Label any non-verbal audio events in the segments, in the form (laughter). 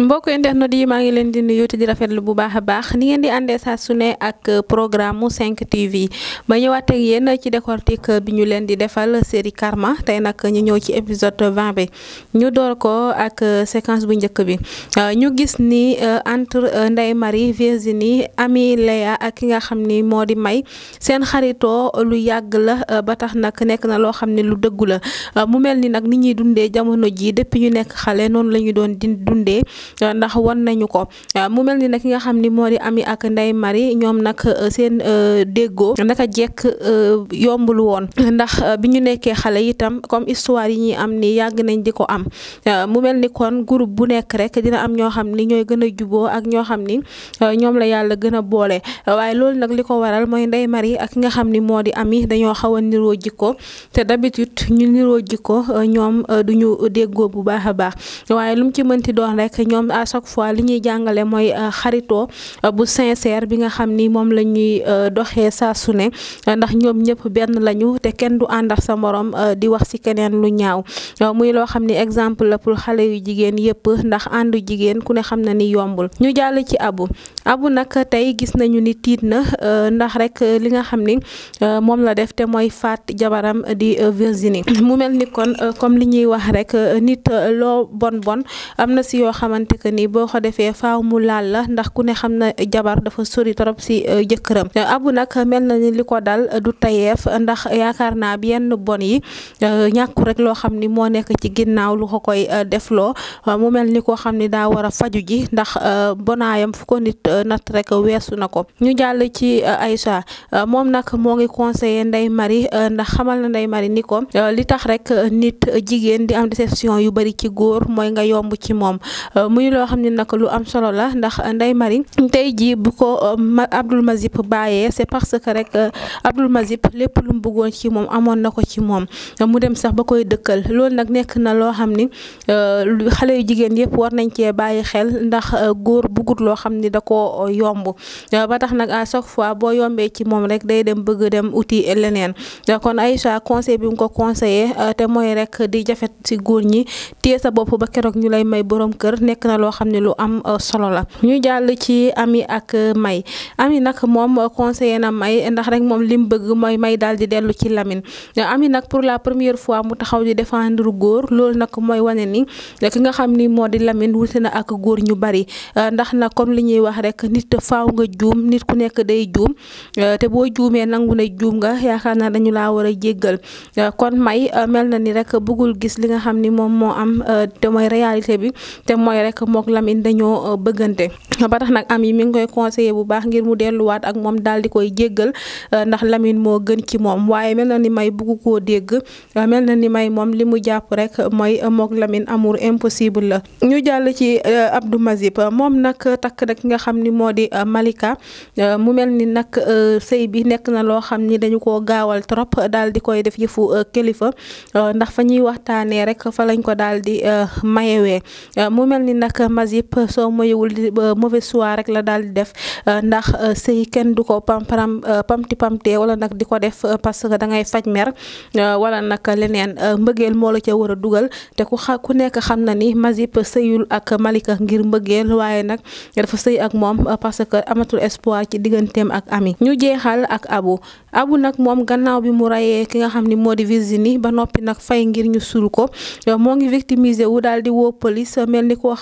mbokk internet yi maa ngi leen di nuyu te di rafetlu bu baax a baax ni ngeen di ande sa su ak programme 5 TV ba ñëwaat ak yéen ci décortique bi ñu leen di defal série Karma tey nag ñu ñëw ci épisode 20 bi ñu door ko ak séquence bu njëkk bi ñu gis ni euh, entre euh, Ndeye Marie Virginie Ami Léa ak ki nga xam ni moo di may seen xaritoo lu yàgg la euh, ba tax nak nekk na loo xam ne lu dëggu la mu mel ni nit ñuy dundee jamono ji depuis ñu nekk xale la doon Euh, ndax wan nañu ko euh, mu mel ni nag ki nga xam ni moo di Ami ak nday Marie ñoom nag euh, seen déggoo naka jekk yombul woon (laughs) ndax bi ñu nekkee xale itam comme histoire yi ñuy am ni yàgg nañ di ko am mu mel ni kon groupe bu nekk rek dina am ñoo xam ni ñooy gën a juboo ak ñoo xam ni ñoom la yàlla gën a boole waaye loolu nag li ko waral mooy Ndeye Marie ak ki nga xam ni moo di Ami dañoo xaw a niroo jikko te d'habitude ñu niroo jikko ñoom du ñu déggo bu baax a baax waaye lu mu ñoom à chaque fois li ñuy jàngale mooy euh, xaritoo euh, bu sincère bi nga xam ni moom la ñuy euh, doxee saa su ne ndax ñoom ñëpp benn lañu te kenn du ànd ak sa morom di wax ci keneen lu ñaaw muy loo xam ni exemple la pour xale yu jigéen yëpp ndax àndu jigéen ku ne xam na ni yombul ñu jàll ci abu abu nag tey gis nañu ni tiit na ndax rek li nga xam ni moom la def te mooy faat jabaram di Virginie mu mel ni kon comme li ñuy wax rek nit loo bon bon am na si yoo xamante xamante que ni boo ko defee faaw mu laal la ndax ku ne xam na jabar dafa sori trop si euh, jëkkëram abu nag mel na ni li ko dal du tayeef ndax yaakaar naa bi yenn bon yi euh, ñàkku rek loo xam ni moo nekk ci ginnaaw lu ko koy euh, defloo mu mel ni koo xam ni daa war a faju ji ndax bonaayam fu ko nit natt rek weesu na ko ñu jàll ci Aïcha moom nag moo ngi conseiller Ndeye mari ndax xamal na Ndeye mari ni ko li tax rek nit jigéen di am déception yu bari ci góor mooy nga yomb ci moom muy loo xam ne nag lu am solo la ndax Ndeye Marie tey jii bu ko euh, Abdoul Mazib bàyyee c'est parce que rek euh, Abdoul Mazib lépp lu mu bëggoon ci moom amoon na ko ci moom mu dem sax ba koy dëkkal loolu nag nekk na loo xam ni euh, xale yu jigéen yëpp war nañ cee bàyyi xel ndax góor bugut loo xam ni da koo yomb ba tax nag à chaque fois boo yombee ci moom rek day dem bëgg dem uti leneen kon ay Aïcha conseil bi mu ko conseillé te mooy rek di jafet ci góor ñi téye sa bopp ba keroog ñu lay may borom kër nekk nekk na loo xam ne lu am euh, solo la ñu jàll ci ami ak euh, may ami nag moom conseiller na may ndax rek moom li mu bëgg mooy may daal di dellu ci Lamine ami nag pour la première fois mu taxaw di défendre góor loolu nag mooy wane ni ki nga xam ni moo di Lamine wute na ak góor ñu bari euh, ndax nag comme li ñuy wax rek nit faaw nga juum nit ku nekk day juum te boo juumee nangu ne juum nga yaakaar naa dañu laa war a kon may mel na ni rek bëggul gis li nga xam ni moom moo am te mooy rek mook Lamine dañoo euh, bëggante ba tax nag am yi koy conseiller bu baax ngir mu delluwaat ak moom daal di koy jéggal euh, ndax Lamine moo gën ci moom waaye mel na ni may bugg koo dégg euh, mel na ni may moom li mu jàpp rek mooy mook Lamine amur impossible la ñu jàll ci Abdou Mazib moom nag takk nag ki nga xam ni moo di Malika mu mel ni nag sëy bi nekk na loo xam ni dañu ko gaawal trop daal di koy def yëfu kilifa ndax fa ñuy waxtaanee rek fa lañ ko daal di mayewee mu mel nag Mazip soo moyewul mauvaise soirée rek la daal di def euh, ndax euh, sëy kenn du ko pam pam euh, pamti wala nag di ko def parce que da ngay faj mer wala nag leneen mbëgeel moo la ca war a dugal te ku xa ku nekk xam na ni Mazip sëyul ak Malika ngir mbëggeel waaye nag dafa sëy ak moom parce que amatul espoir ci digganteem ak ami ñu jeexal ak abu abu nag moom gannaaw bi mu rayee ki nga xam ni moo di Virginie ba noppi nag fay ngir ñu suul ko moo ngi victimiser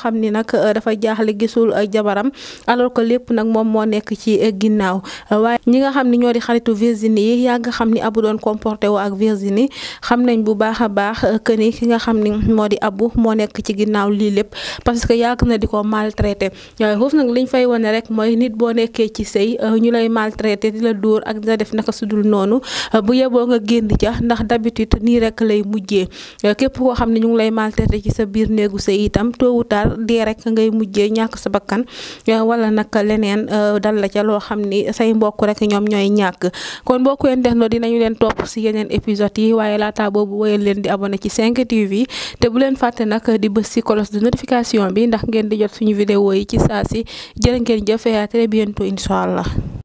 xam ni nag euh, dafa jaaxle gisul euh, jabaram alors que lépp nag moom moo nekk ci euh, ginnaaw waaye ñi nga xam ni ñoo di xaritu Virginie yi yaa nga xam ni abu doon comporté woo ak Virginie xam nañ bu baax a baax que ni ki nga xam ni moo di abu moo nekk ci ginnaaw lii lépp parce que yàgg na di ko maltraité foofu nag liñ fay wane rek mooy nit boo nekkee ci sëy ñu lay maltraité di la dóor ak dina def naka sudul noonu bu yeboo nga génn ca ndax d'habitude nii rek lay mujjee képp koo xam ne ñu ngi lay maltraité ci sa biir néegu sëy itam dee rek ngay mujjee ñàkk sa bakkan wala nag leneen euh, dal la ca loo xam ni say mbokk rek ñoom ñooy ñàkk kon mbokk yi def dinañu leen topp si yeneen épisode yi waaye laata boobu wéyal leen di abonné ci 5TV te bu leen fàtte nag di bës si cloche de notification bi ndax ngeen di jot suñu vidéo yi ci saa si jërë ngeen jëf à très bientôt incha